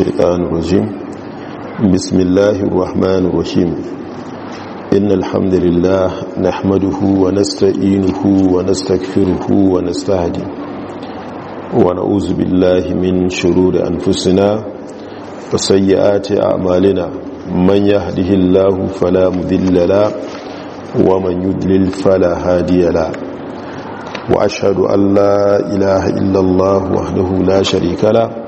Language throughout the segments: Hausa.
الشيطان الرجيم بسم الله الرحمن الرحيم إن الحمد لله نحمده ونستعينه ونستكفره ونستهدي ونعوذ بالله من شرور أنفسنا وسيئات أعمالنا من يهده الله فلا مذل له ومن يدلل فلا هادي له وأشهد أن لا إله إلا الله وحده لا شريك له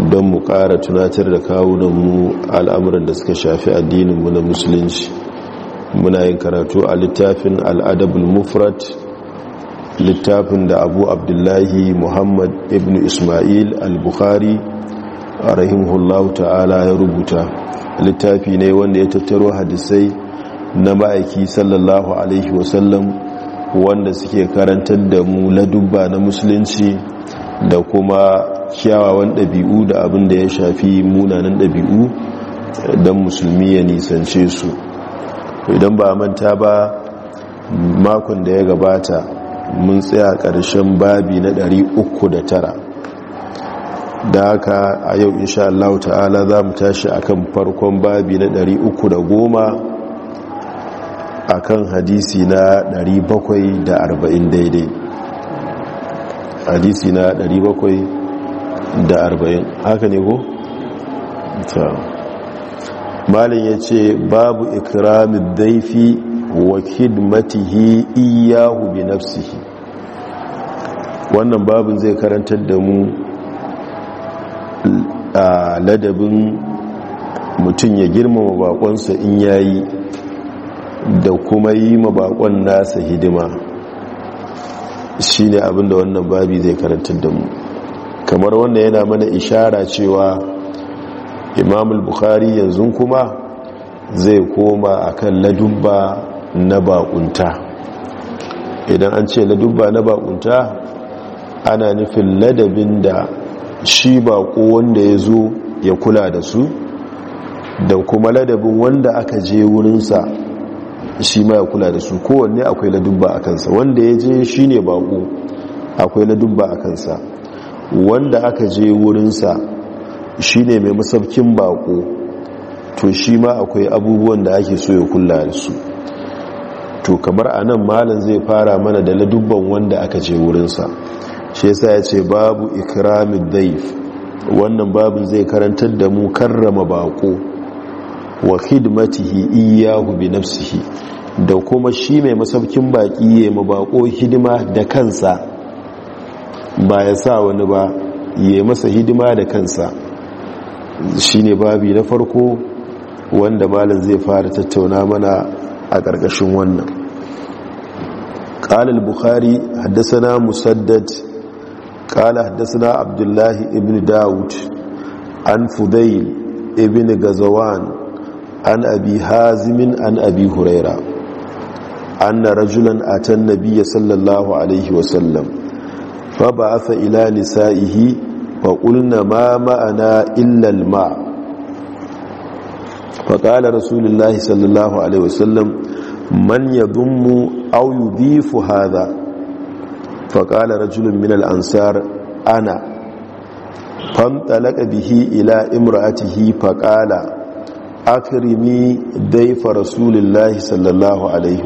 don mu ƙara tunatar da kawunanmu al'amuran da suka shafi addininmu na musulunci muna yin karatu a littafin al'adabul mufrat littafin da abu abdullahi muhammad ibn ismail al-bukhari a rahimahullahu ta'ala ya rubuta littafi ne wanda ya tattaro hadisai na ma'aiki sallallahu alaihi wasallam wanda suke karantar da mu ladubba na musulunci da kuma kyawawan ɗabi'u da abin da ya shafi munanan ɗabi'u eh, don musulmi ya nisance su idan ba manta ba makon da ya gabata mun tsaya ƙarshen babi na 309 da haka a yau insha Allah ta'ala za mu tashi kan farkon babi na 310 akan hadisi na 740 daidai hadisi na 740 da arba'in haka ne ko? malin ya ce babu ikramin daifi wa kidmatihi iyahu bi nafsihi wannan babin zai karantar da mu a ladabin mutum ya girmama bakonsa in yayi da kuma yi ma bakon nasa hidima Shi ne abinda wannan babi zai karantar da mu kamar wanda yana mana ishara cewa imamul bukhari yanzu kuma zai koma akan ladubba na bakunta idan an ce ladubba na bakunta ana nufin ladabin da shi bako wanda ya zo ya kula da su da kuma ladabin wanda aka je wurinsa shi ma ya kula da su kowanne akwai ladubba a kansa wanda ya je shi ne bako akwai ladubba a kansa wanda aka je wurinsa shi ne mai masaukin bako to shi ma akwai abubuwan da ake so ya kula da su to kamar a nan malin zai fara mana da ladubban wanda aka je wurinsa shi yasa ya ce babu ikramin daif wannan babu zai karantar da mu karrama baƙo, wa hidmatihi iyahu bi nafsihi da kuma shi mai masaukin baki ma mabako hidima da kansa ba ya sa wani ba ya masa hidima da kansa shi ne babi na farko wanda malin zai fara tattauna mana a ƙarƙashin wannan ƙalil bukari haddasa musaddad ƙala haddasa na abdullahi ibn dawud an fudayil ibn gazawan an abi hazimin an abi huraira an na rajulan a tan nabiya sallallahu alaihi wasallam fa ba asa ila nisa'ihi fa qulna ma ma'ana illal ma fa qala rasulullahi sallallahu alaihi wasallam man yadhummu aw yudhifu hadha fa qala rajulun min al-ansar ana fantalaka bihi ila imra'atihi fa qala akrimi dayfa rasulillahi sallallahu alaihi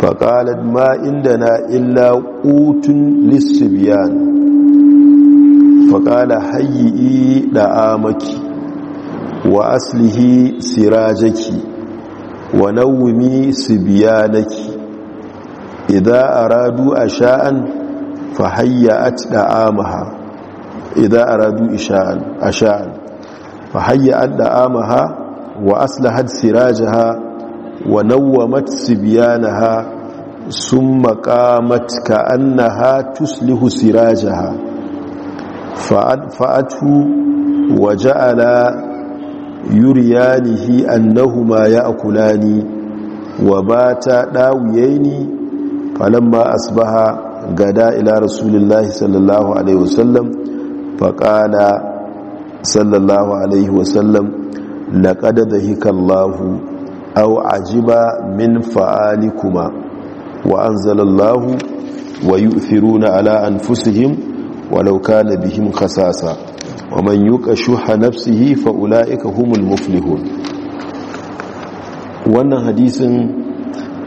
faƙalar ma inda na illa ƙutun lissibiyan faƙala hayyi ɗa'amaki wa aslihi sirajaki wa nawumi sibiyanaki idza aradu asha'an fahayyat da'amaha idza aradu isha'an asha'an fahayyat da'amaha wa aslihat sirajaha wa nawwamat sibyanaha summa qamat annaha tuslihu sirajaha fa'atu wa ja'ala yuriyanihi annahuma ya'kulani wa bata dawiyaini falamma asbaha gada ila rasulillahi sallallahu alaihi wasallam faqala sallallahu alaihi wasallam laqad dhahika Allahu aw ajiba min fa'alikuma wa anzalallahu wa yu'thiruna ala anfusihim walau kana bihim khasasa wa man yuqa nafsihi fa ulaika humul muflihun wannan hadisin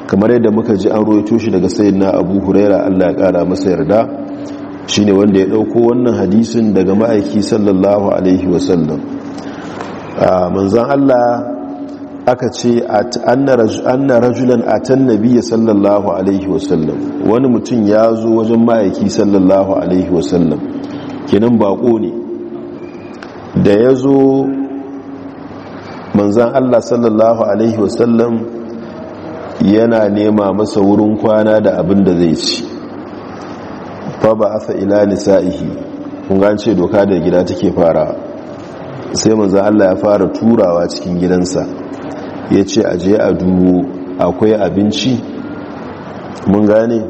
kamar yadda muka ji an roito shi daga sayyidina Abu Huraira Allah ya kara masa yarda shine wanda ya dauko wannan hadisin daga ma'aiki sallallahu alaihi wasallam manzon Allah aka ce anna rajulan atan nabiyyi sallallahu alaihi wasallam wani mutum ya zo wajen ma'aiki sallallahu alaihi wasallam kinan bako ne da ya zo manzan allah sallallahu alaihi wasallam yana nema masa wurin kwana da abin da zai ci fa ba asa ila nisa'ihi kun ce doka da gida take fara sai manzan allah ya fara turawa cikin gidansa ya ce a je a duwo akwai abinci mun gane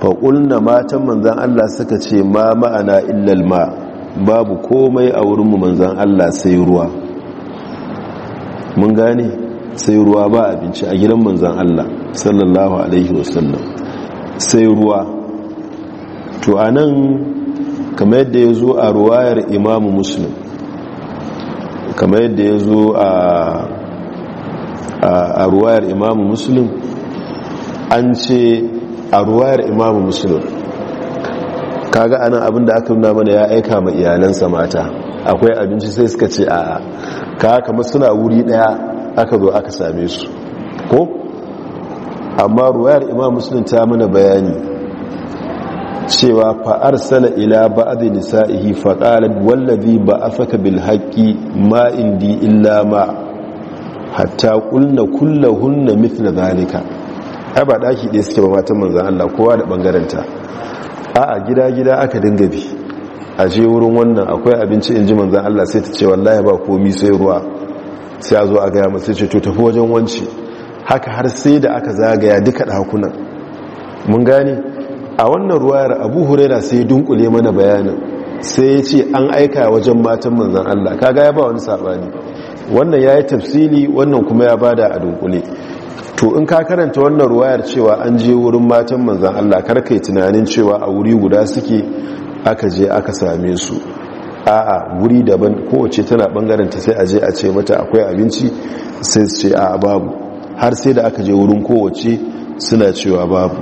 faƙul na matan manzan Allah suka ce ma ma'ana illal ma babu komai a wurinmu manzan Allah sai ruwa mun gane sai ruwa ba abinci a gidan manzan Allah sallallahu alaihi wasallam sai ruwa to a nan kamar yadda ya zo a ruwayar imamu muslim kamar yadda ya zo a a ruwayar imamu muslim an ce a ruwayar imamu muslim kaga anan abinda aka nuna mana ya aika ma iyalansa mata akwai abinci sai suka ce a ka kama suna wuri daya aka zo aka same su ko amma ruwayar imam muslim ta mana bayani cewa fa'ar sana ila ba a zai nisa'ihi faƙalar wallabi ba a saka bilhaƙi ma indi illa ma hatta kulna kullahunna mithla zalika ai ba daki ɗaya suke ba matan manzon Allah kowa da bangaren a a'a gida gida aka dinga bi a je wurin wannan akwai abinci inji manzon Allah sai ta ce wallahi ba komai sai ruwa sai a zo a gaya masu ce to tafi wajen wance haka har sai da aka zagaya duka ɗakunan mun gane a wannan ruwayar abu huraira sai dunkule mana bayanin sai ya ce an aika wajen matan manzan Allah kaga ya ba wani sabani wannan ya yi tafsili wannan kuma ya bada a dunkule to in ka karanta wannan ruwayar cewa an je wurin matan manzan allah karkai tunanin cewa a wuri guda suke aka je aka same su a'a wuri daban kowace tana bangaren ta sai a je a ce mata akwai abinci sai su ce a babu har sai da aka je wurin kowace suna cewa babu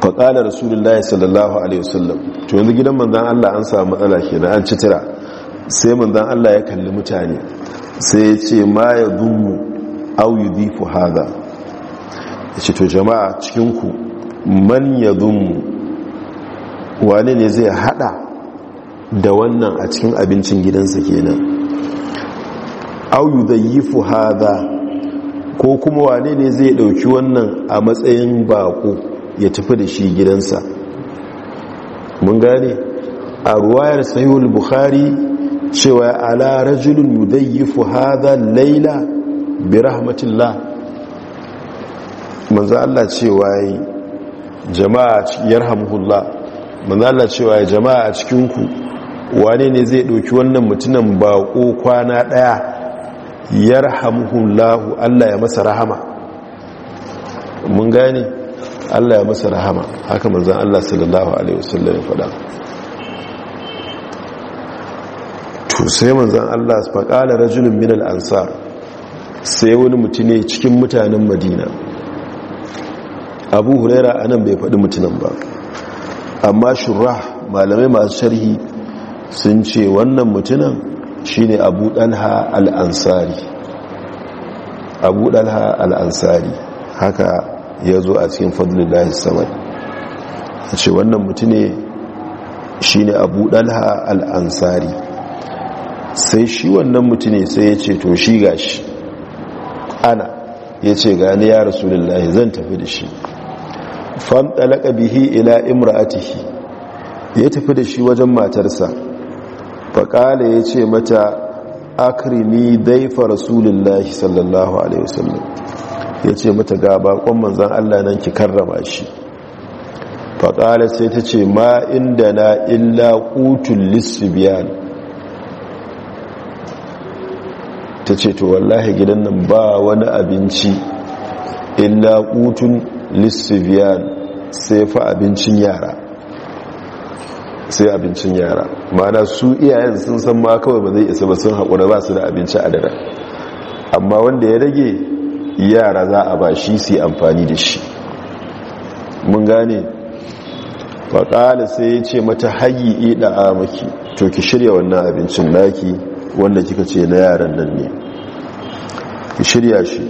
faƙalar rasulullahi sallallahu alaihi wasallam to yanzu gidan manzan allah an samu matsala kenan an ci tira sai manzan Allah ya kalli mutane sai ya ce ma ya dummu au yi difu haza ya ce to jama'a cikinku man ya dummu wane ne zai hada da wannan a cikin abincin gidansa kenan au yi zayifu haza ko kuma wane ne zai dauki wannan a matsayin bako ya tafi da shi gidansa mun gane a ruwayar sahihul bukhari cewa ala rajulun yudayyifu hadha laila bi rahmatillah manzo Allah cewa jama'a yarhamuhullah manzo Allah cewa jama'a cikin ku wane ne zai dauki wannan mutunan bako kwana daya yarhamuhullah Allah ya masa rahama mun gane Allah ya masa rahama haka manzo Allah sallallahu alaihi wasallam ya faɗa to sai manzan Allah su faƙala rajulun minal ansar sai wani mutune cikin mutanen madina abu huraira a nan bai faɗi mutunan ba amma shura malamai masu sharhi sun ce wannan mutunan shine abu ɗalha al'ansari abu ɗalha al'ansari haka ya zo a cikin fadlin lahi samar a ce wannan mutune shine abu ɗalha al'ansari sai shi wannan mutune sai ya ce to shi ga shi. ana ya ce gani ya rasulullahi zan tafi da shi fanɗalaka bihi ila imra'atihi ya tafi da shi wajen matarsa faƙala ya ce mata akrimi daifa rasulullahi sallallahu alaihi wasallam ya ce mata ga bakon manzan allah nan ki karrama shi faƙala sai ta ce ma inda na illa ƙutun biyan. ta ce to wallahi gidan nan ba wani abinci illa kutun lissiviyan sai fa abincin yara sai abincin yara mana su iyayen sun san ma kawai ba zai isa ba sun haƙura ba su da abinci a dare amma wanda ya rage yara za a ba shi su amfani da shi mun gane faƙala sai ya ce mata hayi ida maki to ki shirya wannan abincin naki wanda kika ce na yaran nan ne shirya shi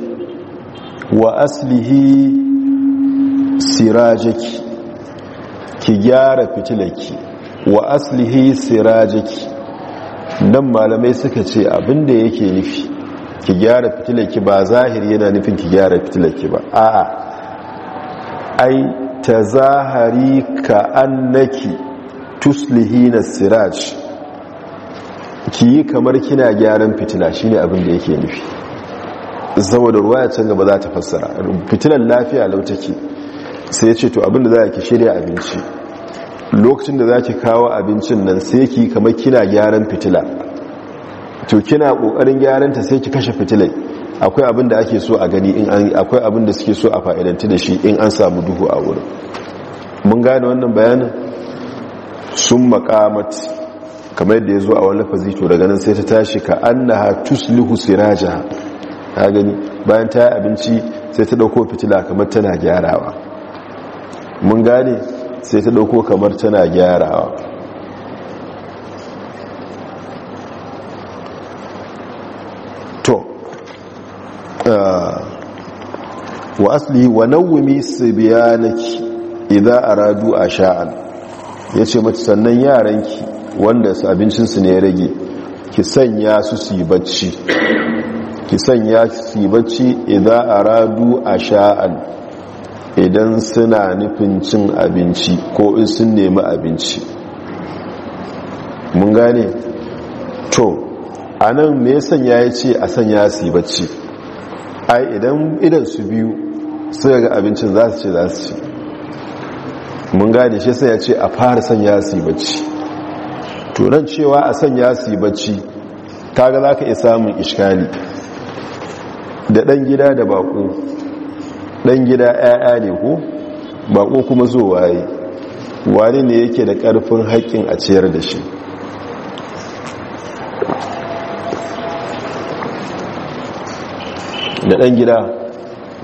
wa aslihi sirajaki ki gyara fitilaki wa aslihi sirajaki nan malamai suka ce abinda yake nufi ki gyara fitilaki ba zahiri yana nufin ki gyara fitilaki ba a'a ai ta zahari ka annaki tuslihi na siraj ki yi kamar kina gyaran fitila shine abinda yake nufi saboda ruwa ya canza ba za ta fassara fitilar lafiya lautaki sai ya ce to abinda za ki shirya abinci lokacin da za ki kawo abincin nan sai ki kamar kina gyaran fitila to kina kokarin gyaran ta sai ki kashe fitilai akwai abin ake so a gani akwai abinda da suke so a fa'idanti da shi in an samu duhu a wurin mun gane wannan bayanin sun makamat kamar yadda ya zo a wani lafazi to daga nan sai ta tashi ka annaha tuslihu sirajaha ka gani bayan ta yi abinci sai ta ɗauko fitila kamar tana gyarawa mun gane sai ta ɗauko kamar tana gyarawa to uh, wa asli wa nawmi sibyanaki idza aradu asha'an yace mata sannan yaranki wanda abincinsu ne ya rage ki sanya su su yi bacci ki sanya su bacci idan aradu a sha'an idan suna nufin cin abinci ko in sun nemi abinci mun gane to a nan me sanya ya ce a sanya su bacci ai idan idan su biyu suka ga abincin za su ce za su ci mun gane shi sai ya ce a fara sanya su bacci ran cewa a sanya su bacci kaga za ka iya samun iskali da ɗan gida da baƙo ɗan gida ƴaƴa ne ko baƙo kuma zo waye wani ne yake da ƙarfin haƙƙin a ciyar da shi da ɗan gida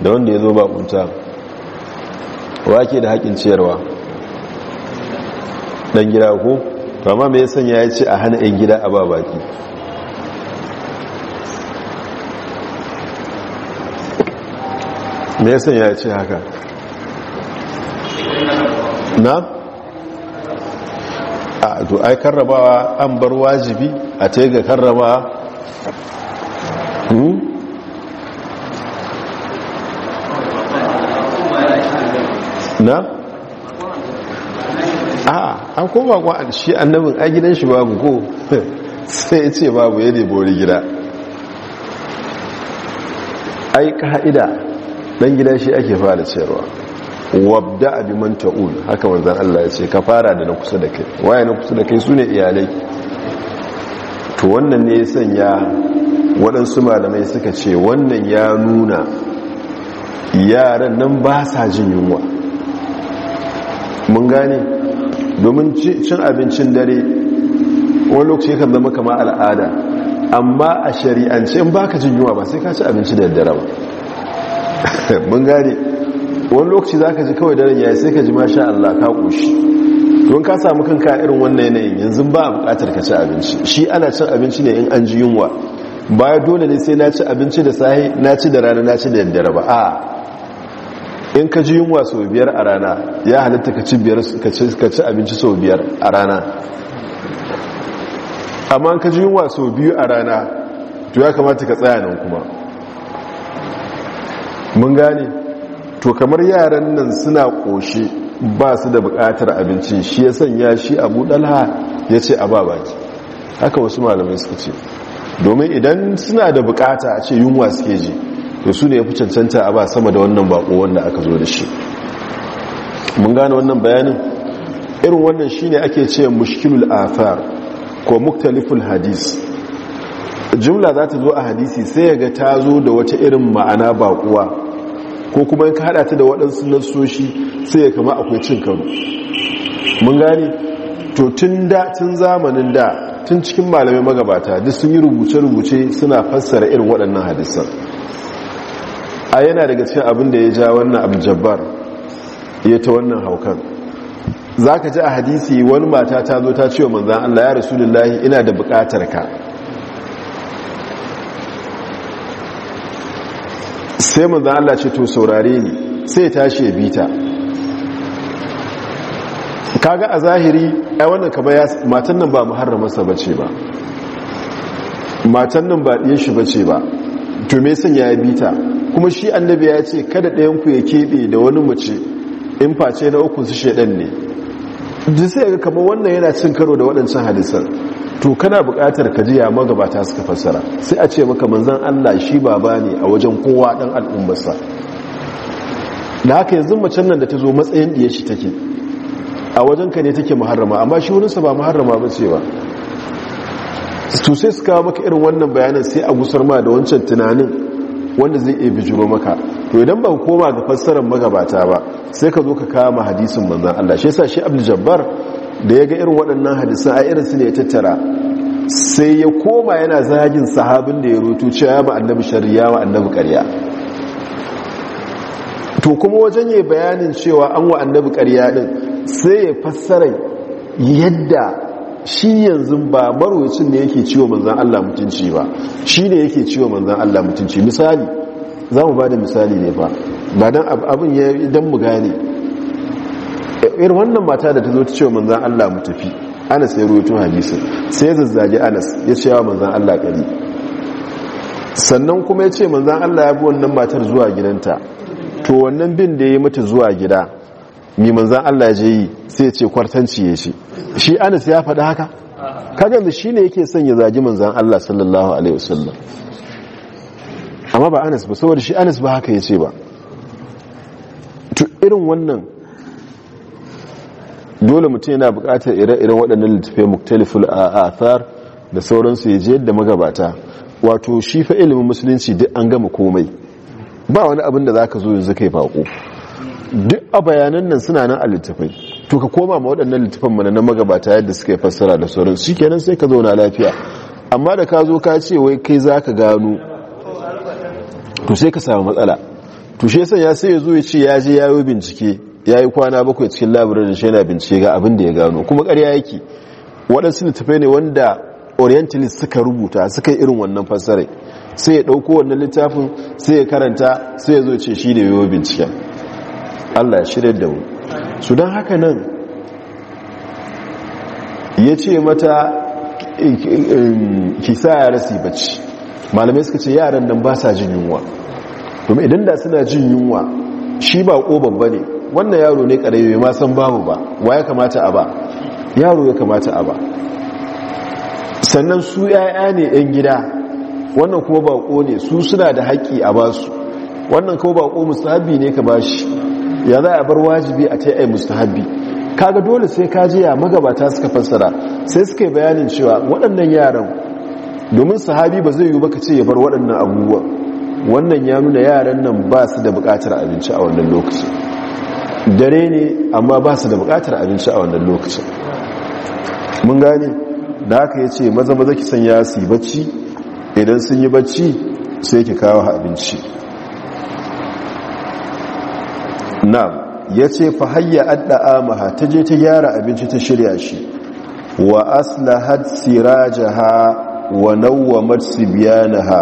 da wanda ya zo baƙunta wake da haƙƙin ciyarwa ɗan gida ko kama mai sanya ya ce a hana ‘yan gida a ba baki me yasan ya ce haka na? a du'ai karrabawa an bar wajibi a yi ga karrabawa hmm? na? a an koma kwa shi annabin a gidan shi babu ko sai ya ce babu ya ne bori gida ai ka'ida dan gida shi ake fara ciyarwa wabda abi man ta'ul haka manzon Allah ya ce ka fara da na kusa da kai waye na kusa da kai sune iyalai to wannan ne ya sanya waɗansu malamai suka ce wannan ya nuna yaran nan ba sa jin yunwa mun gane domin cin abincin dare wani lokaci kan zama kama al'ada amma a shari'ance in baka jin yunwa ba sai ka ci abinci da daddare ba mun gane wani lokaci za ka ji kawai daren yi sai ka ji masha Allah ka ƙoshi don ka samu kanka irin wannan yanayin yanzu ba a buƙatar ka ci abinci shi ana cin abinci ne in an ji yunwa baya dole ne sai na ci abinci da sahi na ci da rana na ci da daddare ba a in ka ji yunwa sau biyar a rana ya halitta ka ci abinci sau biyar a rana amma in ka ji yunwa sau biyu a rana to ya kamata ka tsaya nan kuma mun gane to kamar yaran nan suna koshe ba su da bukatar abinci shi ya sanya shi abu ɗalha ya ce a ba baki haka wasu malamai suka ce domin idan suna da bukata a ce yunwa suke ji to su ne ya fi cancanta a ba sama da wannan bako wanda aka zo da shi mun gane wannan bayanin irin wannan shi ne ake ce mushkilul afar ko muktaliful hadis jumla za ta zo a hadisi sai ya ga ta zo da wata irin ma'ana bakuwa. ko kuma ka hada ta da waɗansu nassoshi sai ya kama akwai cin karo mun gane to tun da tun zamanin da tun cikin malamai magabata duk sun yi rubuce-rubuce suna fassara irin waɗannan hadisan a yana daga cikin abin da ya ja wannan abjabbar ya ta wannan haukan za ka ji a hadisi wani mata ta zo ta ce wa manzan allah ya rasu ina da buƙatar ka sai zan Allah ce to saurare ni sai tashi ya bita kaga a zahiri ai wannan kaba ya matan nan ba sa bace ba matan nan ba ɗiyan shi bace ba to me san ya bita kuma shi annabi ya ce kada ɗayan ku ya kebe da wani mace in face na uku su shedan ne duk sai ga kamar wannan yana cin karo da waɗancan hadisan to kana buƙatar ka jiya magabata suka fassara sai a ce maka manzan Allah shi baba ne a wajen kowa dan al'ummarsa da haka yanzu macen nan da ta zo matsayin ya shi take a wajen ka ne take muharrama amma shi wurinsa ba muharrama ba ce ba to sai su kawo maka irin wannan bayanan sai a gusar ma da wancan tunanin wanda zai iya bijiro maka to idan ba koma ga fassarar magabata ba sai ka zo ka kama hadisin manzan Allah shi yasa shi Abdul Jabbar da ya ga irin waɗannan hadisan a irin su ne ya tattara sai ya koma yana zagin sahabin da ya rutu cewa ba annabi shari'a ma annabi ƙarya to kuma wajen yi bayanin cewa an wa annabi karya din sai ya fassara yadda shi yanzu ba marwacin ne yake ciwo manzan Allah mutunci ba shi ne yake ciwo manzan Allah mutunci misali za mu ba da misali ne ba ba don abin ya don mu gane ir wannan mata da ta zo ta ce manzan Allah mu tafi Anas ya tun hadisin sai ya zazzage Anas ya ce wa manzan Allah kari sannan kuma ya ce manzan Allah ya bi wannan matar zuwa gidanta to wannan bin da ya yi mata zuwa gida mai manzan Allah ya je yi sai ya ce kwartanci ya ce shi Anas ya faɗi haka kagan da shi ne yake son ya zagi manzan Allah sallallahu alaihi wasallam amma ba Anas ba saboda shi Anas ba haka ya ce ba to irin wannan dole mutum yana bukatar ire-iren waɗannan littafai a athar da sauransu ya je yadda magabata wato shi fa ilimin musulunci duk an gama komai ba wani abin da za ka zo yanzu kai bako duk a bayanan nan suna nan a littafai to ka koma ma waɗannan littafan mana na magabata yadda suka yi fassara da sauransu kenan sai ka zauna lafiya amma da ka zo ka ce wai kai za ka gano to sai ka samu matsala to shi yasa ya sai ya zo ya ce ya je yayo bincike ya yi kwana bakwai cikin labirin da shi yana bincike ga abin da ya gano kuma karya yake waɗansu littafai ne wanda orientalist suka rubuta suka yi irin wannan fassarai sai ya ɗauko wannan littafin sai ya karanta sai ya zo ce shi ne yau binciken allah ya shirya da mu su don haka nan ya ce mata kisa um, ya rasi bacci malamai suka ce yaran nan ba sa jin yunwa domin idan da suna jin yunwa shi ba ko babba ne wannan yaro ne karewe ma san babu ba wa ya kamata a ba yaro ya kamata a ba sannan su yaya ne yan gida wannan kuma bako ne su suna da haƙƙi a ba su wannan kuma bako mustahabi ne ka ba shi ya za a bar wajibi a tai'ai mustahabi kaga dole sai ka jiya magabata suka fassara sai suka yi bayanin cewa waɗannan yaran domin sahabi ba zai yi ba ka ce ya bar waɗannan abubuwa wannan ya nuna yaran nan ba su da buƙatar abinci a wannan lokacin dare ne amma ba su da bukatar abinci a wannan lokacin mun gane da haka ya ce maza maza ki sanya su yi bacci idan sun yi bacci sai ki kawo abinci na ya ce fa hayya adda'a maha ta je ta gyara abinci ta shirya shi wa aslahat ha wa nawwamat ha?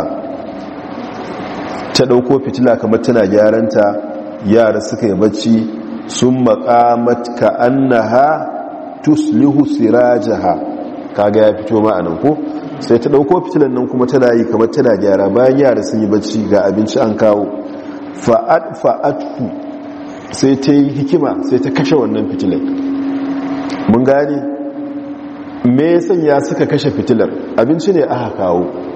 ta dauko fitila kamar tana gyaranta yara suka yi bacci sun makamat ka annaha tuslihu sirajaha kaga ya fito ma'anan ko sai ta dauko fitilan nan kuma tana yi kamar tana gyara bayan yara sun yi bacci ga abinci an kawo Fa'ad fa'ad ku sai ta yi hikima sai ta kashe wannan fitilan mun gani me sanya suka kashe fitilar abinci ne aka kawo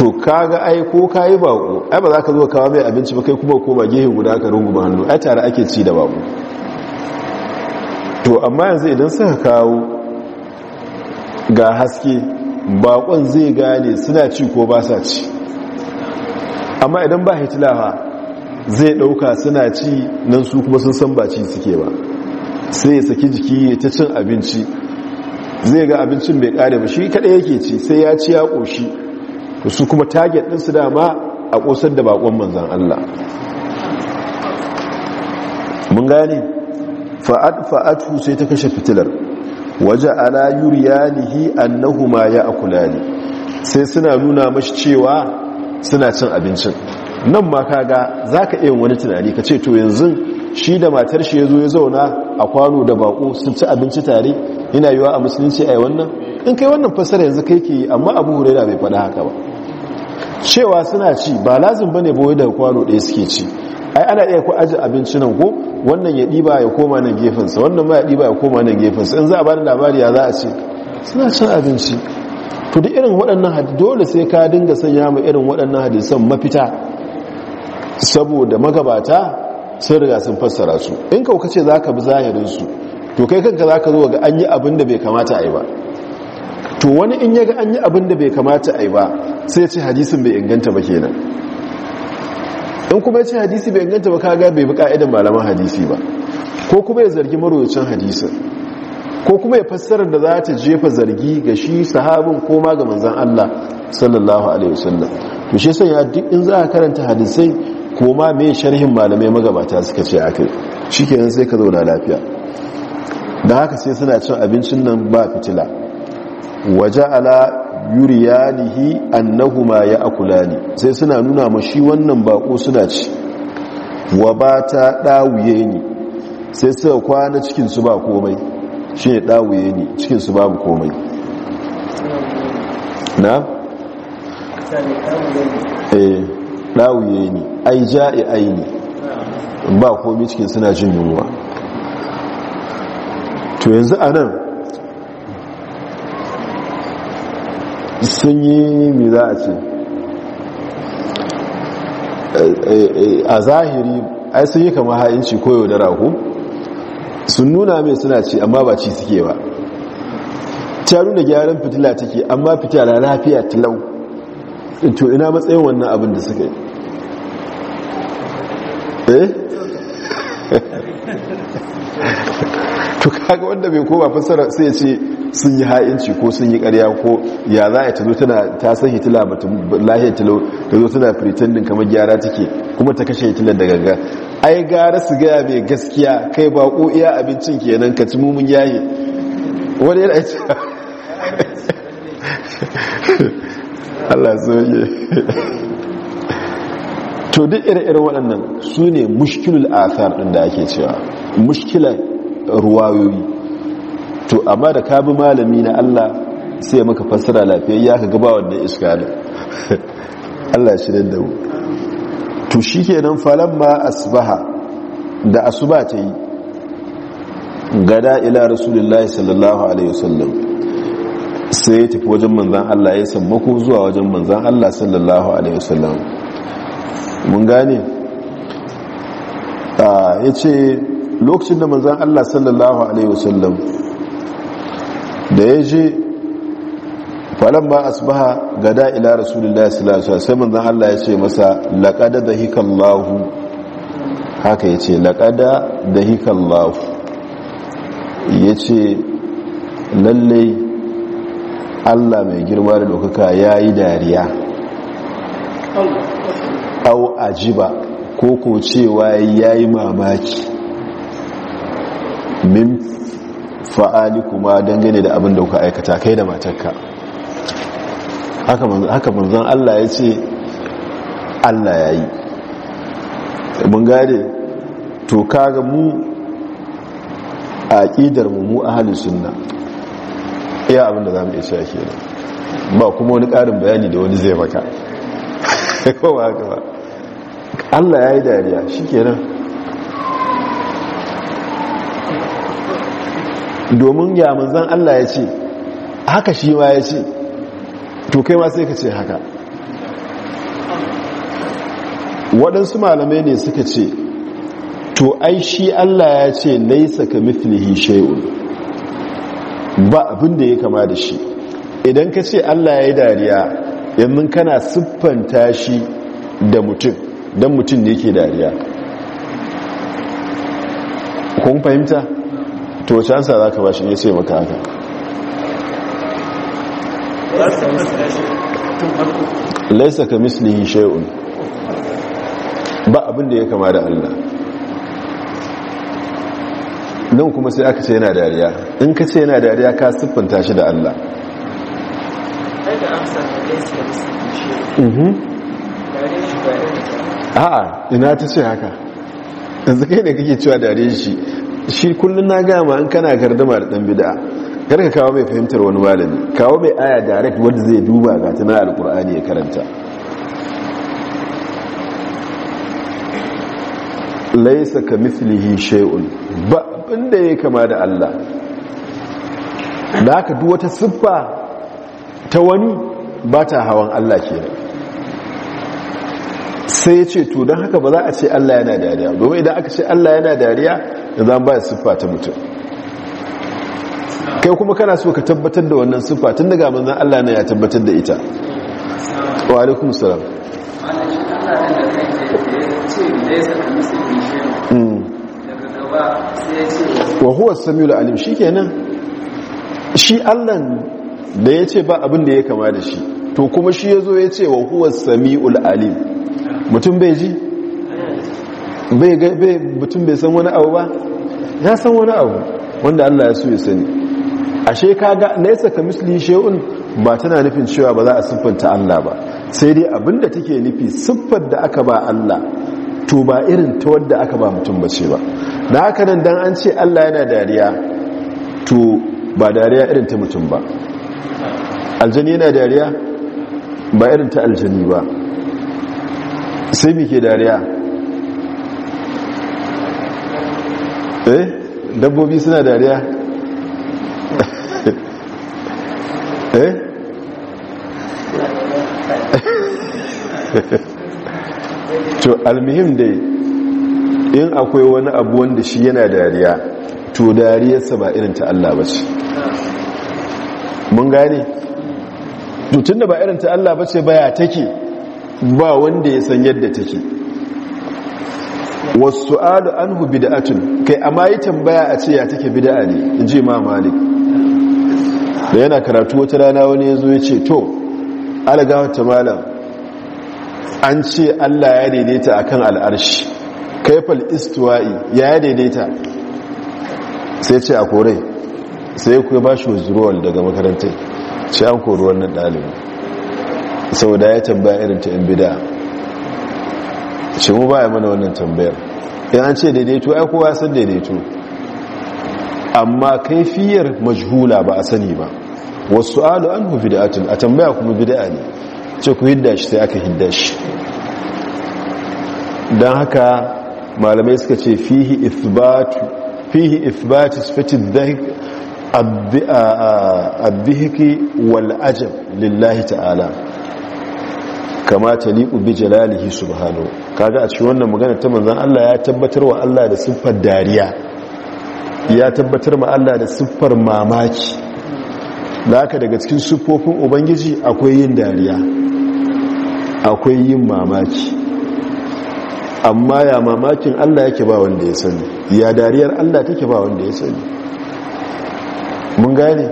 to kaga ai ko kayi bako ai ba za ka zo kawo mai abinci ba kai kuma koma gehe guda ka runguma hannu ai tare ake ci da bako to amma yanzu idan suka kawo ga haske bakon zai gane suna ci ko ba sa ci amma idan ba hitilawa zai dauka suna ci nan su kuma sun san ba ci suke ba sai ya saki jiki ya ta cin abinci zai ga abincin bai kare ba shi kadai yake ci sai ya ci ya koshi to su kuma target din su dama a kosar da bakon manzan Allah mun gane fa'ad fa'atu sai ta kashe fitilar waje ala yuriyanihi annahuma ya'kulani sai suna nuna mashi cewa suna cin abincin nan ma kaga zaka iya wani tunani kace to yanzu shi da matar shi yazo ya zauna a kwano da bako sun ci abinci tare yana yiwa a musulunci ai wannan in kai wannan fasara yanzu kai ke amma Abu Hurairah bai faɗa haka ba cewa suna ci ba lazim bane boye daga kwano ɗaya suke ci ai ana iya ku aji abinci nan ko wannan ya ɗiba ya koma nan gefensa wannan ma ya ɗiba ya koma nan gefensa in za a bani labari ya za a ce suna cin abinci to da irin waɗannan hadisi dole sai ka dinga sanya mu irin waɗannan hadisan mafita saboda magabata sun riga sun fassara su in kauka ce za ka bi zahirinsu to kai kanka za ka zo ga an yi abin da bai kamata a yi ba to wani in yaga an yi abin da bai kamata a yi ba sai ce hadisin bai inganta ba kenan in kuma ya ce hadisi bai inganta ba kaga bai bi ka'idan malaman hadisi ba ko kuma ya zargi marwacin hadisin ko kuma ya fassara da za ta jefa zargi ga shi sahabin ko ma ga manzan Allah sallallahu alaihi wasallam to shi sai ya duk in za ka karanta hadisai ko ma me sharhin malamai magabata suka ce akai shikenan sai ka zauna lafiya da haka sai suna cin abincin nan ba fitila waje ala yuriyanihi annahuma ya akulani sai suna nuna ma shi wannan bako suna ci wa ba ta ɗawuye ni sai suka kwana cikinsu ba komai shi ne ɗawuye ni cikinsu babu komai na? eh ɗawuye ni ai ja'i aini ba komai cikin suna jin yunwa to yanzu anan. sun yi mi za a ce a zahiri ai sun yi kama ha'inci koyo da rahu sun nuna mai suna ci amma ba ci suke ba ta nuna gyaran fitila take amma fitila lafiya tilau ina matsayin wannan abin da suka yi eh to kaga wanda bai koma fassara sai ya ce sun yi ha'inci ko sun yi ƙarya ko ya za a tazo tana ta san hitila ba lahiyar tilo ta zo tana pretending kamar gyara take kuma ta kashe hitilar da ganga ai gara su gaya mai gaskiya kai ba ko iya abincin kenan ka ci mumun yayi wani yana ce Allah soye to duk ire-iren waɗannan su ne mushkilul asar ɗin da ake cewa mushkilar ruwayoyi to amma da ka bi malami na Allah sai maka fassara ya ka gaba wannan iska ne Allah shi da mu to falon ma asibaha da asuba ta yi gada ila rasulullahi sallallahu alaihi wasallam sai ya tafi wajen manzan Allah ya sammako zuwa wajen manzan Allah sallallahu alaihi wasallam mun gane ah, ya ce lokacin da manzan Allah sallallahu alaihi wasallam da ya je falon ba asbaha gada ila rasulullah sallallahu sai manzan Allah ya ce masa da dahikallahu haka ya ce da dahikallahu ya ce lallai Allah mai girma da ɗaukaka ya yi dariya au ajiba ko ko cewa ya yi mamaki min fa'ali kuma dangane da abin da kuka aikata kai da matakka haka manzan Allah ya ce Allah ya yi mun gane to kaga mu a ƙidar mu a halin sunna iya abin da za mu isa ke nan ba kuma wani ƙarin bayani da wani zai maka kowa haka ba Allah ya yi dariya shi kenan domin ya manzan Allah ya ce haka shi ma ya ce to kai ma sai ka ce haka waɗansu malamai ne suka ce to ai shi Allah ya ce laisa ka mithlihi shay'un ba abin da ya kama da shi idan ka ce Allah ya yi dariya yanzu kana siffanta shi da mutum don mutum ne ke dariya kun fahimta to wace ansa za ka bashi ya sai maka haka laisa ka mislihi shay'un ba abin da ya kama da Allah nan kuma sai aka ce yana dariya in ka ce yana dariya ka siffanta shi da Allah mhm. a'a ina ta ce haka yanzu kai ne kake cewa dare shi shi kullum na gama an kana gardama da ɗan bida karka kawo mai fahimtar wani malami kawo mai aya direct wanda zai duba ga tana alkur'ani ya karanta laisa ka mislihi shay'un ba abinda ya kama da Allah da aka duk wata siffa ta wani ba ta hawan Allah kenan sai ya ce to don haka ba za a ce Allah yana dariya domin idan aka ce Allah yana dariya ya zama ba siffa ta mutum kai kuma kana so ka tabbatar da wannan siffa tun daga manzan Allah na ya tabbatar da ita wa alaikum salam hmm. wa huwa samiul alim shikenan shi Allah da ya ce ba abin da ya kama da shi to kuma shi ya zo ya ce wa huwa samiul alim mutum bai ji bai bai mutum bai san wani abu ba ya san wani abu wanda Allah ya so ya sani ashe na laysa ka misli shay'un ba tana nufin cewa ba za a siffanta Allah ba sai dai abinda take nufi siffar da aka ba Allah to ba irin ta wadda aka ba mutum ba ce ba da haka nan don an ce Allah yana dariya to ba dariya irin ta mutum ba aljani yana dariya ba irin ta aljani ba sai muke dariya dabbobi suna dariya eh to almihim dai in akwai wani abu wanda shi yana dariya to dariyarsa ba irin ta Allah ba ce mun gane tutun da ba irin ta Allah ba ce baya take ba wanda ya san yadda take wasu alu an hu bida'atun kai amma yi tambaya a ce ya take bida'a ne in ji ma malik da yana karatu wata rana wani ya zo ya ce to algawa ta malam an ce allah ya daidaita a kan al'arshi kaifal istuwa'i ya daidaita sai ce a korai sai ku ba shi wazuruwal daga makarantar ce an kori wannan sau da ya tambaya irin ta yan bida'a ce mu baya mana wannan tambayar in an ce daidaito ai kowa san daidaito amma kaifiyar majhula ba a sani ba wasu alu an bid'atun a tambaya kuma bida'a ne ce ku hidda shi sai aka hidda shi don haka malamai suka ce fihi ithbatu fihi ithbatu sifati adhiki wal ajab lillahi ta'ala kama liƙu bi jalalihi subhanahu kaga a cikin wannan magana ta manzon Allah ya tabbatar wa Allah da siffar dariya ya tabbatar ma Allah da siffar mamaki da haka daga cikin siffofin ubangiji akwai yin dariya akwai yin mamaki amma ya mamakin Allah yake ba wanda ya sani ya dariyar Allah take ba wanda ya sani mun gane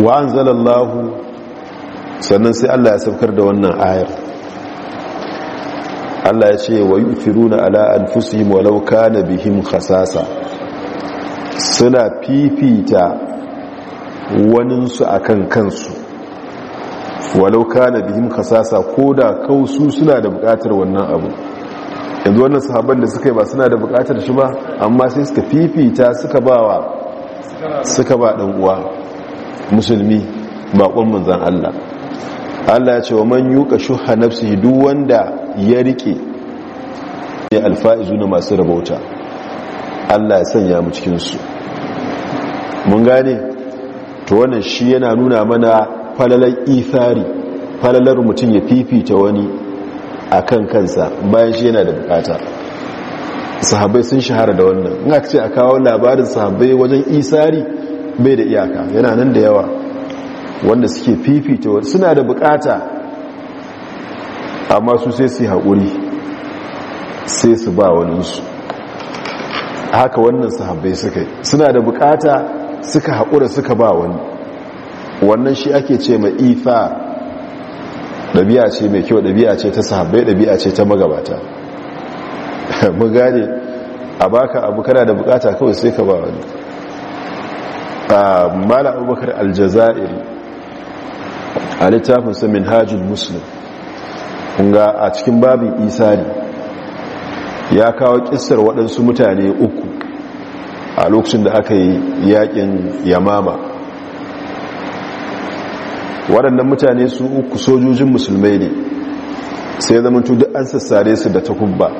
wa anzalallahu sannan sai Allah ya saukar da wannan ayar Allah ya ce wa yu'thiruna ala anfusihim walau kana bihim khasasa suna fifita waninsu akan kansu walau kana bihim khasasa koda kausu suna da bukatar wannan abu yanzu wannan sahabban da suka yi ba suna da bukatar shi ba amma sai suka fifita suka bawa suka ba ɗan'uwa. uwa musulmi baƙon manzan Allah Allah ya ce wa man yuka shuha nafsi duk wanda ya rike ya alfa'izu na masu rabauta Allah ya sanya mu cikin su mun gane to wannan shi yana nuna mana falalar ithari falalar mutum ya fifita wani akan kansa bayan shi yana da bukata Sahabai sun shahara da wannan in aka ce a kawo labarin sahabai wajen isari bai da iyaka yana nan da yawa wanda suke fifita suna da bukata amma su sai su haƙuri sai su ba waninsu haka wannan su haɓe suka yi suna da bukata suka haƙura suka ba wani wannan shi ake ce mai ifa ɗabi'a ce mai kyau ɗabi'a ce ta su sahabbai ɗabi'a ce ta magabata mun gane a baka abu kana da bukata kawai sai ka ba wani ah, malam abubakar aljazairi a littafinsa min hajjul musulun kunga a cikin babin isari ya kawo kistar waɗansu mutane uku a lokacin da aka yi yakin yamama waɗannan mutane su uku sojojin musulmai ne sai zama duk an sassare su da takubba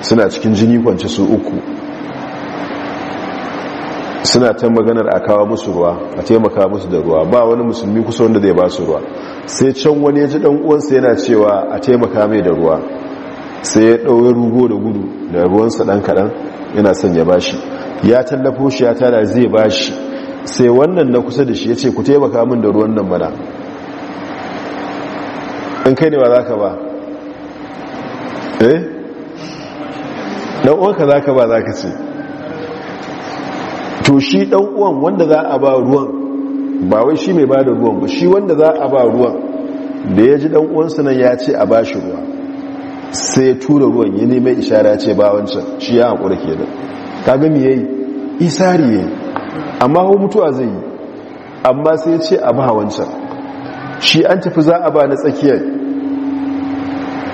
suna cikin jini kwanci su uku suna ta maganar a kawo musu ruwa a taimaka musu da ruwa ba wani musulmi kusa wanda zai ba su ruwa sai can wani ya ji dan uwansa yana cewa a taimaka mai da ruwa sai ya ɗauye rugo da gudu da ruwansa ɗan kaɗan yana son ya bashi ya tallafo shi ya tara zai bashi sai wannan na kusa da shi ya ce ku taimaka min da ruwan nan mana in kai ne ba za ka ba eh ɗan uwanka za ka ba za ka ce to shi dan uwan wanda za a ba ruwan ba wai shi mai ba da ruwan ba shi wanda za a ba ruwan da ya ji dan uwansa nan ya ce a ba shi ruwa sai ya tura ruwan ya neme ishara ce ba wancan shi ya haƙura ke da kaga me yayi isari yi." amma hau mutuwa zai yi amma sai ya ce a ba wancan shi an tafi za a ba na tsakiyar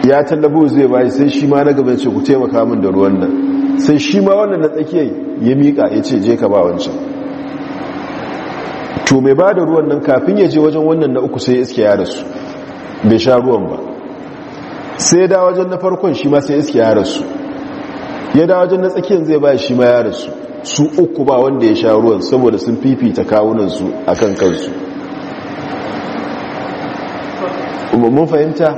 ya tallabo zai bayi sai shi ma na gaba ya ce ku taimaka min da ruwan nan sai shi ma wannan na tsakiyar ya miƙa ya ce je ka ba wancan to mai ba da ruwan nan kafin ya je wajen wannan na uku sai ya iske ya rasu bai sha ruwan ba sai da wajen na farkon shi ma sai iske ya rasu ya da wajen na tsakiyar zai ba shi ma ya rasu su uku ba wanda ya sha ruwan saboda sun fifita kawunansu a kan kansu mun fahimta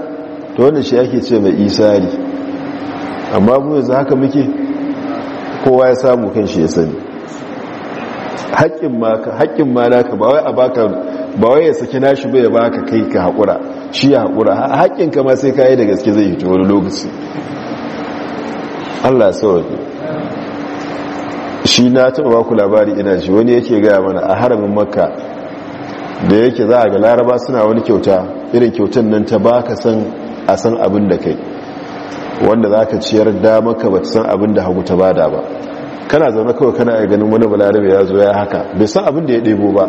ta wannan shi ake ce mai isari amma mu yanzu haka muke kowa ya samu kan shi ya sani haƙƙin ma naka ba wai a baka ba wai ya saki nashi bai baka kai ka haƙura shi ya haƙura haƙƙin ka ma sai kayi da gaske zai hito wani lokaci Allah sauraki shi na taɓa baku labari ina shi wani yake gaya mana a haramin makka da yake za a ga laraba suna wani kyauta irin kyautan nan ta baka san a san abin da kai wanda za ka ciyar dama ka bata san abin da hagu ta bada ba kana zaune kawai kana a ganin wani balarabe ya zo ya haka bai san abin da ya ɗebo ba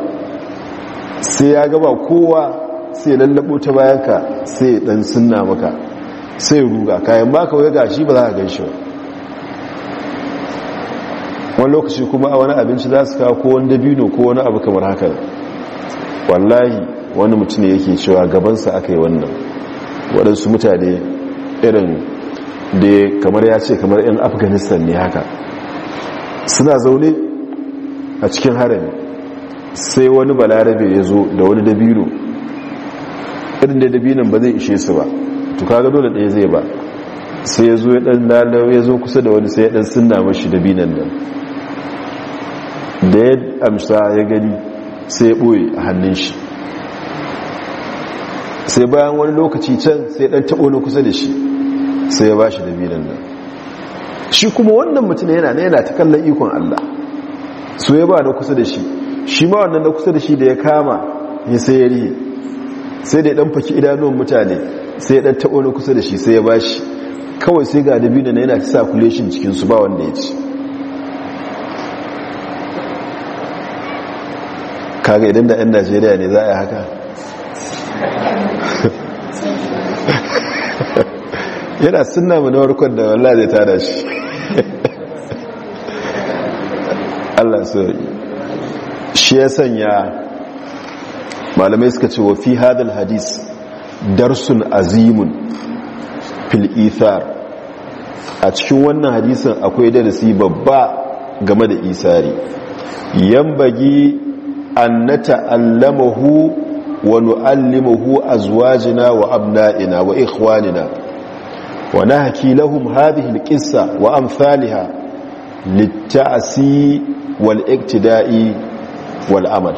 sai ya gaba kowa sai lallabo ta bayan ka sai dan sunna maka sai ruga kayan baka wai gashi ba za ka shi ba wani lokaci kuma a wani abinci za su kawo ko wani dabino ko wani abu kamar haka wallahi wani mutum ne yake cewa gabansa aka yi wannan waɗansu mutane irin da kamar ya ce kamar 'yan afghanistan ne haka suna zaune a cikin harami sai wani balarabe ya zo da wani dabino irin da dabinon ba zai ishe su ba tuka gado da ɗaya zai ba sai ya zo ya ɗan lalau ya zo kusa da wani sai ya ɗan suna mashi dabinon nan da ya amsa ya gani sai ya ɓoye a hannun shi sai bayan wani lokaci can sai ɗan taɓo na kusa da shi sai ya bashi dabinan nan shi kuma wannan mutum yana ne yana ta kallon ikon Allah so ya ba da kusa da shi shi ma wannan da kusa da shi da ya kama ya sai ya rihe sai da ya dan faki idanuwan mutane sai ya dan taɓo na kusa da shi sai ya bashi kawai sai ga nan yana ta circulation cikin su ba wanda ya ci kaga idan da 'yan najeriya ne za a yi haka yana suna mu na warkon da wallah zai tada shi allah sauki shi ya sanya malamai suka ce wa fi hadal hadis darsun azimun fil ithar a cikin wannan hadisin akwai darasi babba game da isari yambagi an na ta'allamahu wa nu'allimahu azwajina wa abna'ina wa ikhwanina wa nahki lahum hadhihi alqissa wa amsalha litta'si wal iktida'i wal amal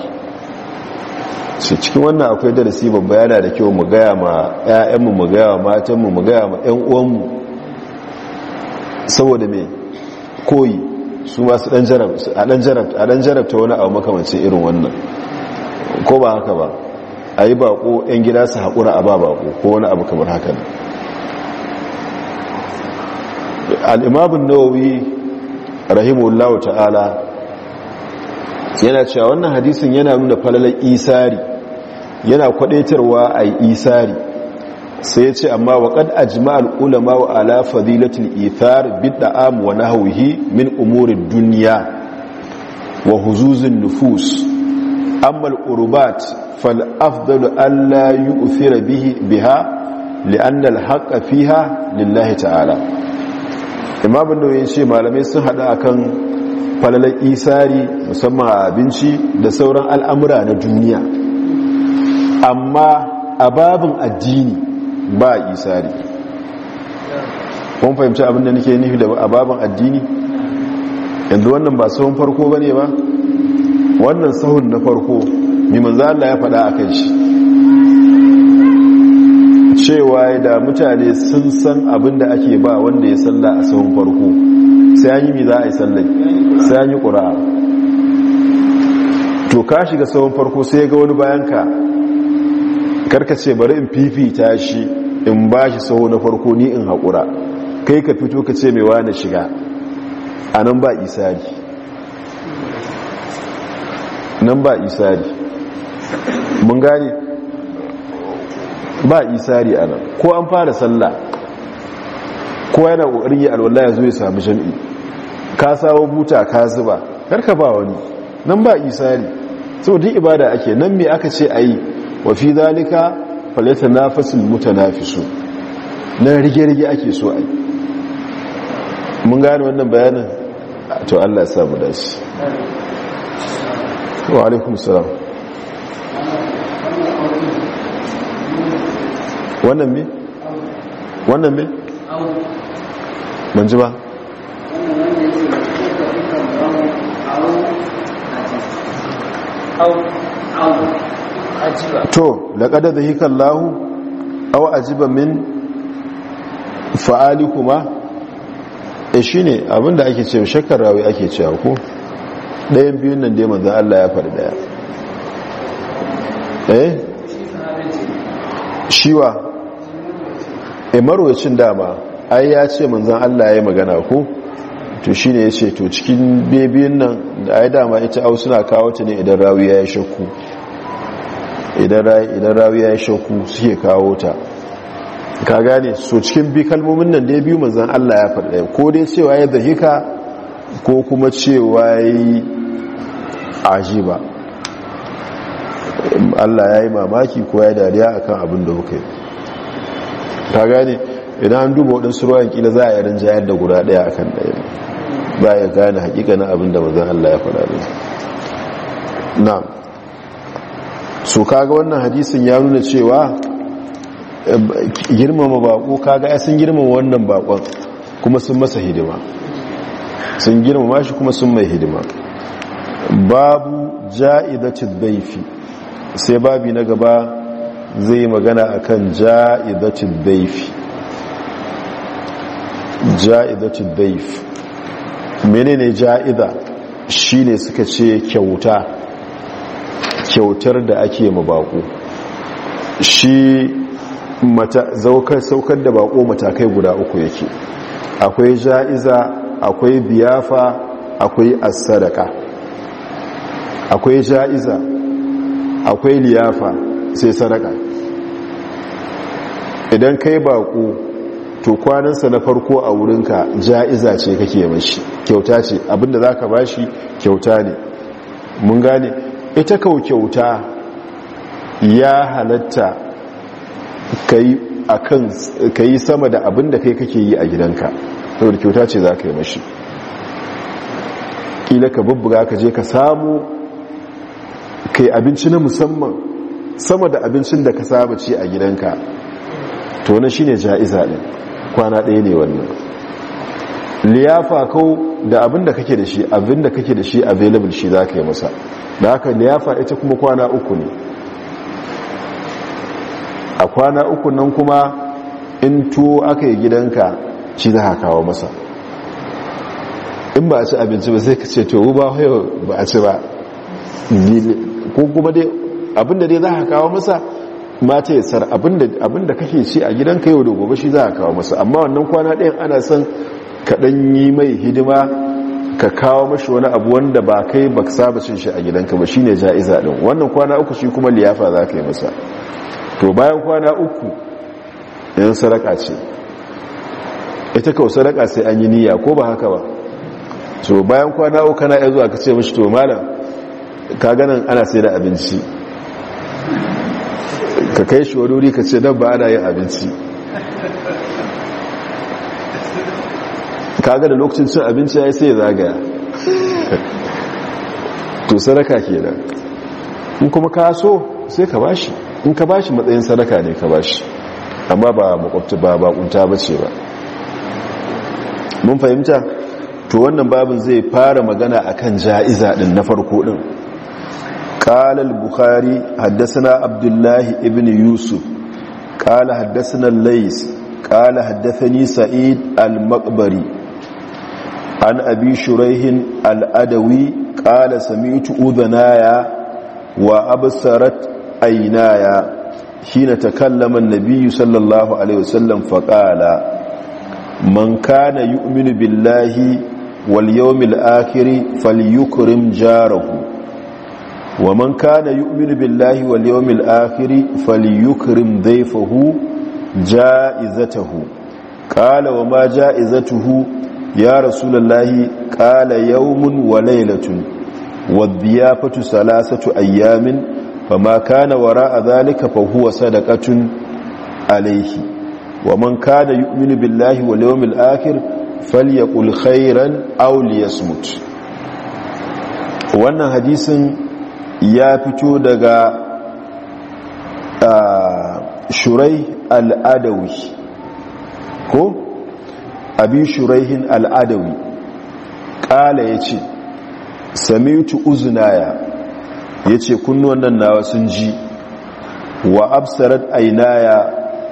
shi cikin wannan akwai darasi babba yana da kyau mu gaya ma ƴaƴanmu mu gaya ma matanmu mu gaya ma ƴan uwanmu saboda me koyi su ma su dan jarabta a dan jarabta a dan wani abu makamancin irin wannan ko ba haka ba ayi bako ƴan gida su haƙura a ba bako ko wani abu kamar haka ne al'imamun nawawi rahimullahu ta'ala yana cewa wannan hadisin yana nuna falalar isari yana kwadatarwa a isari sai ce amma waƙad ajima'al ulama wa ala fadilatul ithar bidda'am wa nahwihi min umurin duniya wa huzuzin nufus amma al'urbat fal'afdalu allah yi biha li'annal haƙa fiha lillahi ta'ala imamun da ya ce malamai sun hada akan falalar isari musamman a abinci da sauran al'amura na duniya amma a babin addini ba isari kun fahimci abinda nake nufi da a babin addini yanzu wannan ba sahun farko ba ne ba wannan sahun na farko mai manzala ya fada a kan shi cewa da mutane sun san abin da ake ba wanda ya salla a tsawon farko sai an yi mi za a yi salla sai an yi ƙura'a to ka shiga tsawon farko sai ga wani bayanka karkace bari in fifita shi in ba shi na farko ni in haƙura kai ka fito ka ce mai wane shiga a nan ba isari nan ba isari mun gane ba isari a nan ko an fara sallah ko yana ƙoƙarin yi alwala ya zo ya sami jam'i ka sawo buta ka zuba karka ba wani nan ba isari sau duk ibada ake nan me aka ce a yi wafi zalika falata na fasil muta na fi so nan rige ake so a yi mun gane wannan bayanin to allah samu dashi wa alaikum salam wannan me wannan me ban ji ba to laƙada da hikan lahu ji ajiba min fa'ali kuma e eh, shi ne abinda ake ce shakkar rawi ake ce ko ɗayan biyun nan dai manzan Allah ya faru ɗaya eh shiwa Eh, marwacin dama ai ya ce manzan allah ya yi magana ku? to shi ne ya ce to cikin bebiyin nan da ai dama ita au suna kawo ta ne idan rawiya ya yi shakku idan rawiya ya yi shakku suke kawo ta ka gane so cikin bi kalmomin nan da ya biyu manzan allah ya faɗa ko dai cewa ya zahika ko kuma cewa ya yi ajiba allah ya yi mamaki ko ya dariya akan abin da kuka ta gane idan an duba waɗansu ruwan kila za a yi jayar da guda ɗaya akan ɗaya ba ya gane hakika na abin da mazan Allah ya faɗa da na so kaga wannan hadisin ya nuna cewa eh, girmama bako kaga ya sun girmama wannan bakon kuma sun masa hidima sun girmama shi kuma sun mai hidima babu ja'idacin daifi sai babi na gaba zai magana a akan daifi ja'idacin daifi mene menene ja'ida shi ne suka ce kyauta kyautar da ake ma bako shi saukar da baƙo matakai guda uku yake akwai ja'iza akwai biyafa akwai asadaka akwai ja'iza akwai liyafa sai sadaka idan kai baƙo to kwanansa na farko a wurinka ja'iza ce kake mashi kyauta ce abinda za ka bashi kyauta ne mun gane ita kau kyauta ya halatta ka yi sama da abinda kai kake yi a gidanka saboda kyauta ce za ka yi mashi kila ka bubbuga ka je ka samu kai abinci na musamman sama da abincin da ka saba ci a gidanka to na shine ja'iza din kwana ɗaya ne wannan liyafa ko da abin da kake da shi abin da kake da shi available shi za ka yi masa da haka liyafa ita kuma kwana uku ne a kwana uku nan kuma in tuwo aka yi gidanka shi za ka kawo masa in ba a ci abinci ba sai ka ce to ba ba a ci ba ko kuma dai abinda dai za ka kawo masa mata ya abinda kake ci a gidanka yau da gobe shi za ka kawo masa amma wannan kwana ɗayan ana son kaɗan yi mai hidima ka kawo mashi wani abu wanda ba kai ba saba cin shi a gidanka ba shine ja'iza ɗin wannan kwana uku shi kuma liyafa za ka yi masa to bayan kwana uku yan saraka ce ita kawo sadaka sai an yi niyya ko ba haka ba To bayan kwana uku kana iya zuwa ka ce mashi to malam ka ganin ana sai da abinci ka kai shi wuri ka ce dabba ana yin abinci kaga da lokacin cin abinci ya yi sai zagaya to sadaka kenan in kuma ka so sai ka bashi in ka bashi matsayin sadaka ne ka bashi amma ba makwabta ba bakunta ba ce ba mun fahimta to wannan babin zai fara magana akan ja'iza din na farko din قال البخاري حدثنا عبد الله ابن يوسف قال حدثنا الليث قال حدثني سعيد المقبري عن أبي شريح الأدوي قال سمعت أذنايا وأبصرت عينايا حين تكلم النبي صلى الله عليه وسلم فقال من كان يؤمن بالله واليوم الآخر فليكرم جاره wa man kana yu'minu billahi wal yawmil akhir falyukrim dayfahu ja'izatahu qala wa ma ja'izatuhu ya rasulullahi qala yawmun wa laylatun wadhiyafatu salasatu ayyamin fama kana wara'a dhalika fa huwa sadaqatun alayhi wa man kana yu'minu billahi wal yawmil akhir falyaqul khairan aw liyasmut wannan hadisin ya fito daga ah, shurai al'adawi ko abi shuraihin al'adawi ƙala ya ce samitu uzunaya ya ce kunnuwan nan nawa sun ji wa absarat ainaya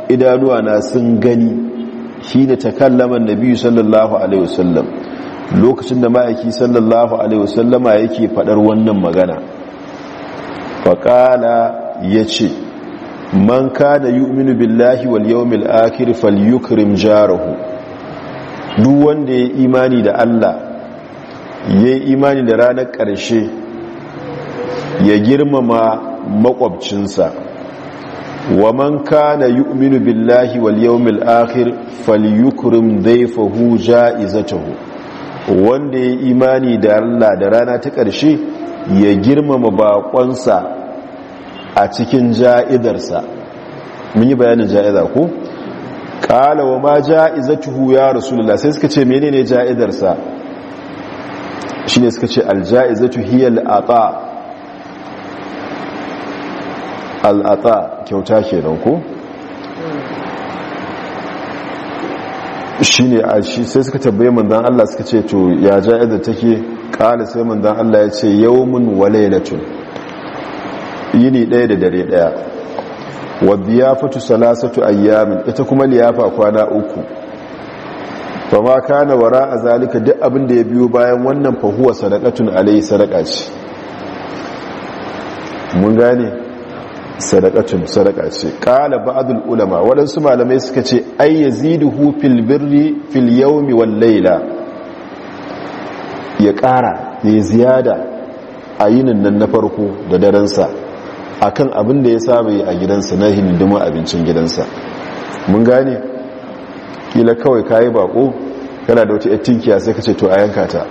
idanuwa na sun gani shi da na biyu sallallahu alaihi wasallam lokacin da ma'aiki sallallahu alaihi wasallama yake faɗar wannan magana faƙala ya ce man yi yu'minu billahi wal yawmil fal falyukrim jarahu duk wanda ya imani da Allah ya imani da ranar ƙarshe ya girmama makwabcinsa wa man yi yu'minu billahi wal yawmil akhir falyukrim daifahu ja'izatahu wanda ya imani da Allah da rana ta ƙarshe ya girmama bakonsa a cikin ja'idarsa mun yi bayanin ja'ida ku? Ƙala wa ma ja'izatuhu ya rasulullah sai suka ce menene ja'idarsa shine suka ce alja'izatu hiya al-ata al-ata kyauta kenan a shine sai suka tabbaye manzon Allah suka ce to ya ja'ida take ƙala sai manzan Allah ya ce yawmun laylatun yini daya da dare daya wa biyafatu salasatu ayyamin ita kuma liyafa kwana uku fa ma kana wara a zalika duk abin da ya biyo bayan wannan fahuwa sadakatun alayhi sadaka ce mun gane sadakatun sadaka ce kala ba'dul ulama wadansu malamai suka ce ay yaziduhu fil birri fil yawmi wal layla ya ƙara ya ziyada a yinin nan na farko da darensa kan abin da ya saba a gidansa na hidima abincin gidansa mun gane kila kawai kayi bako kana da wata yattinkiya sai ka ce to a yanka ta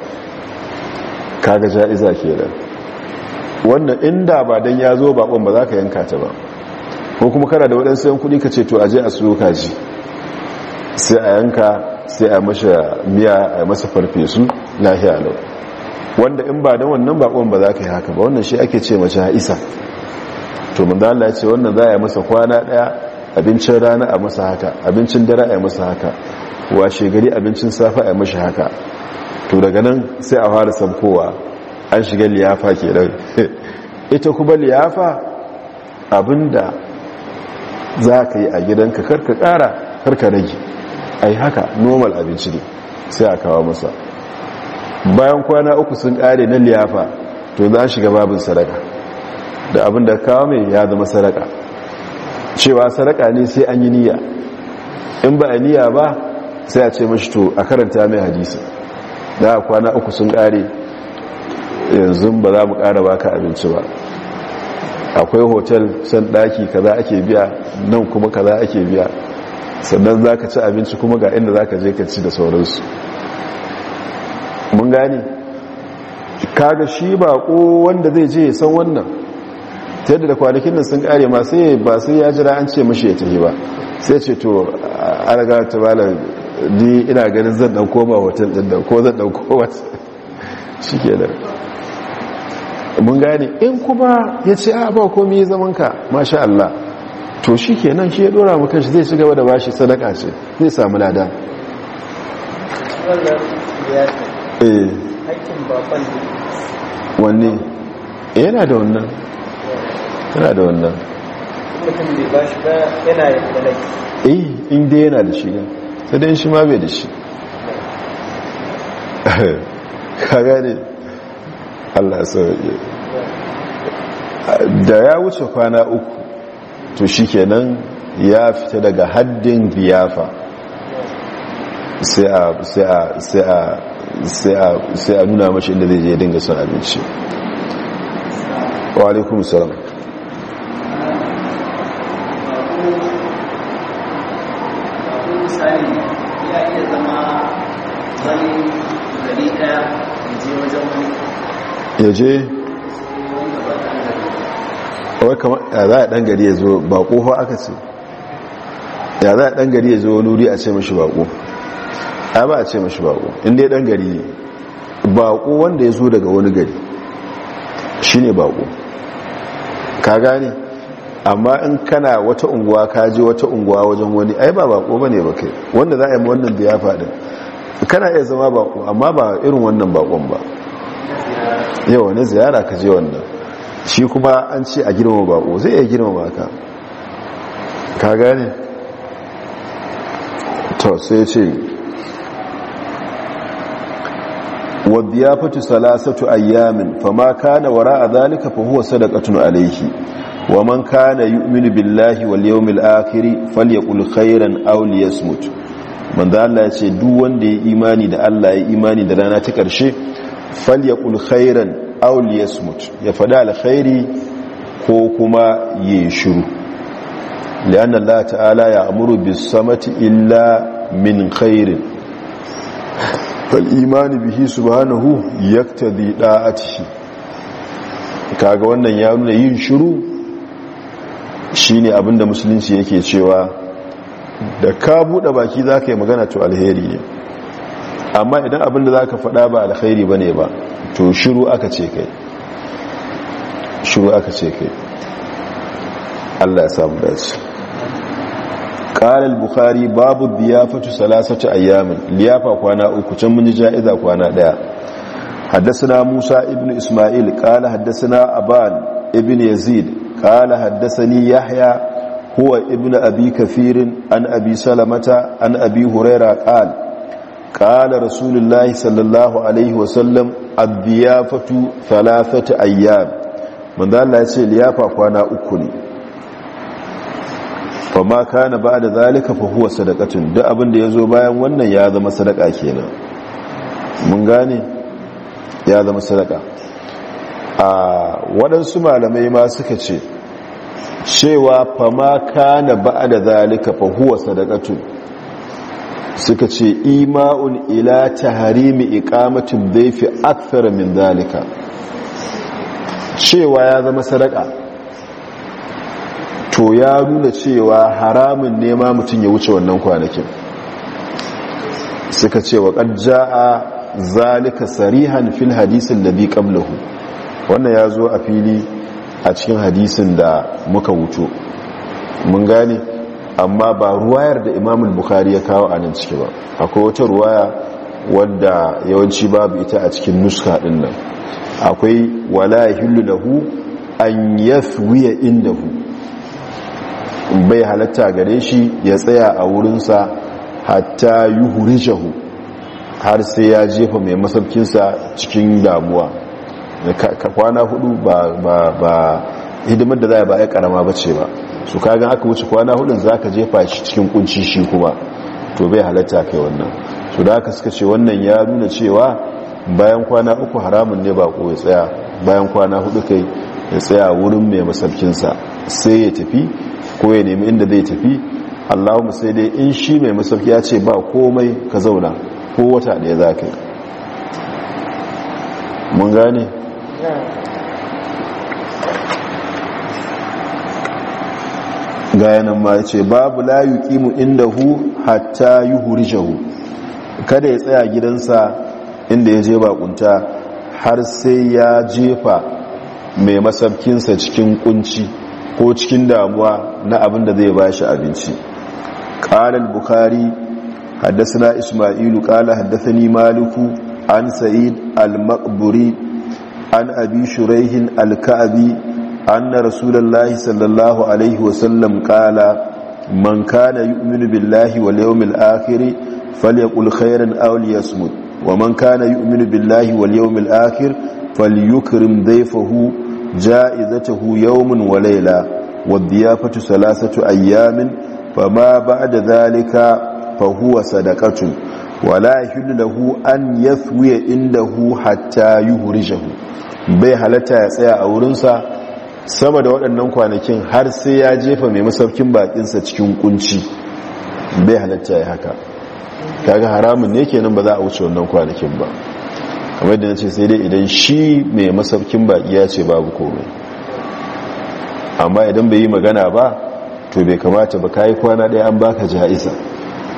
kaga ja'iza ke nan wannan inda ba dan ya zo bakon ba za ka yanka ta ba ko kuma kana da waɗansu yan kuɗi ka ce to a je a siyo kaji sai a yanka sai a masa miya a masa farfesu lahiya lau wanda in ba da wannan bakon ba za ka yi haka ba wannan shi ake ce mace ha'isa to mun dala ce wannan za a yi masa kwana daya abincin rana a masa haka abincin dare a yi masa haka washe gari abincin safa a yi mashi haka to daga nan sai a fara samkowa an shiga liyafa ke nan ita kuma liyafa abinda za ka yi a gidanka karka kara karka rage a yi haka normal abinci ne sai a kawo masa bayan kwana uku sun kare na liyafa to za shiga babin sadaka da abin da kawo mai ya zama sadaka cewa sadaka ne sai an yi niyya in ba a niyya ba sai a ce mashi to a karanta mai hadisi da kwana uku sun kare yanzu ba za mu kara baka abinci ba akwai hotel san daki kaza ake biya nan kuma kaza ake biya sannan za ka ci abinci kuma ga inda za ka je ka ci da sauransu mun gane kaga shi bako wanda zai je ya san wannan ta yadda da kwanakin nan sun kare ma sai ba sai ya jira an ce mashi ya tafi ba sai ce to an ga bala ni ina ganin zan dan koma hotel din da ko zan dan koma shikenan mun gane in kuma ya ce a ba komai zaman ka masha Allah to shikenan shi ya dora maka shi zai shiga gaba da bashi sadaka ce zai samu lada eh wanne eh, yana da wannan yana da wannan mutum bai ba yana da laifi eh inda yana da shi sai dai shi ma bai da shi ka ne. allah sauye da ya wuce kwana uku to shi kenan ya fita daga haddin biyafa sai a sai a nuna mashi inda zai je dinga son abinci walaikun salam ya yaje wai kama ya za a ɗan gari ya zo baƙo aka ce ya za a ɗan gari ya zo wani wuri a ce mashi baƙo a ba a ce mashi baƙo inda ya ɗan gari ne baƙo wanda ya zo daga wani gari shi ne baƙo ka gane amma in kana wata unguwa ka je wata unguwa wajen wani ai ba baƙo ba ne ba kai wanda za a yi wannan da ya faɗi kana iya zama baƙo amma ba irin wannan baƙon ba yau wani ziyara ka je wannan shi kuma an ce a girma baƙo zai iya girma ka ka gane to sai ce wadiyafatu salasatu ayyamin fama kana wara a zalika fa huwa sadaqatun alayhi wa man kana yu'minu billahi wal yawmil akhir falyaqul khairan aw liyasmut manzo Allah ya ce duk wanda ya imani da Allah ya imani da rana ta karshe falyaqul khairan aw liyasmut ya fada alkhairi ko kuma ya shiru lianna Allah ta'ala ya amuru bis samati illa min khairin fal'imani bihi subhanahu yaktadi Ka kaga wannan ya nuna yin shiru shine abinda musulunci yake cewa da ka buɗe baki zaka yi magana to alheri ne amma idan abinda ka faɗa ba alheri ne ba to shiru aka ce kai aka ce kai Allah ya samu dace قال البخاري باب الضيافة ثلاثة أيام ليافة قوانا أكتم من جائزة قوانا دا حدثنا موسى ابن إسماعيل قال حدثنا أبان ابن يزيد قال حدثني يحيى هو ابن أبي كثير عن أبي سلمة عن أبي هريرة قال قال رسول الله صلى الله عليه وسلم الضيافة ثلاثة أيام من ذا الله يسير ليافة قوانا أكتم fama kana ba da zalika fa huwa sadaqatun duk abin da yazo bayan wannan ya zama sadaka kenan mun gane ya zama sadaka a waɗansu malamai ma suka ce cewa fama kana ba da zalika fa huwa sadaqatun suka ce ima'un ila taharimi iqamatin dhayfi akthar min zalika cewa ya zama sadaka to ya nuna cewa haramun nema mutum ya wuce wannan kwanakin suka ce wa a zalika sarihan fil hadisin da bi ƙamlahu wannan ya zo a fili a cikin hadisin da muka wuto mun gane amma ba ruwayar da imamun bukari ya kawo a nan ciki ba akwai wata ruwaya wadda yawanci babu ita a cikin nuska ɗin nan akwai wala hillu hu an inda hu. bai halatta gare shi ya tsaya a wurinsa hatta yi hurishahu har sai ya jefa mai masaukinsa cikin damuwa kwana hudu ba hidimar da za a ba karama ba ce ba su kagan aka wuce kwana hudun za ka jefa shi cikin kunci shi kuma to bai halatta kai wannan su da aka suka ce wannan ya nuna cewa bayan kwana uku haramun ne ba ko ya tsaya bayan kwana hudu kai ya tsaya wurin mai masaukinsa sai ya tafi ko ya nemi inda zai tafi Allahu sai dai in shi mai masauki ya ce ba komai ka zauna ko wata ɗaya za ka yi mun gane gayanan ma ya ce babu layu kimu inda hu hatta yi shahu kada ya tsaya gidansa inda ya je bakunta har sai ya jefa mai masabkinsa cikin kunci ko cikin damuwa na abin da zai bashi abinci ƙalar bukhari haddasa ismailu ƙala haddasa maliku an sa'id al maqburi an abi shuraihin al-ka'abi an na rasulallah sallallahu alaihi sallam ƙala man kana yu'minu billahi wal yawmil akhir falyaqul khairan aw liyasmut wa man kana yu'minu billahi wal yawmil akhir falyukrim dayfahu ja'izatahu yawmun wa layla wa diyafatu salasatu ayyamin fama ba'da dhalika fahuwa huwa sadaqatun wa la yahillu lahu an yathwiya indahu hatta yuhrijahu bai halatta ya tsaya a wurinsa sa sama da waɗannan kwanakin har sai ya jefa mai masaukin baƙinsa cikin ƙunci. bai halatta ya haka kaga haramun ne kenan ba za a wuce wannan kwanakin ba kamar da na ce sai dai idan shi mai masaukin baƙi ya ce babu komai amma idan bai yi magana ba to bai kamata ba ka yi kwana ɗaya an baka ja'isa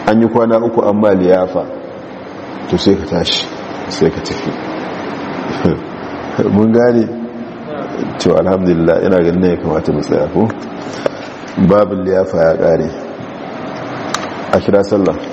an yi kwana uku an ma liyafa to sai ka tashi sai ka tafi mun gane to alhamdulillah ina ganin ya kamata mu tsaya ko babin liyafa ya ƙare a kira sallah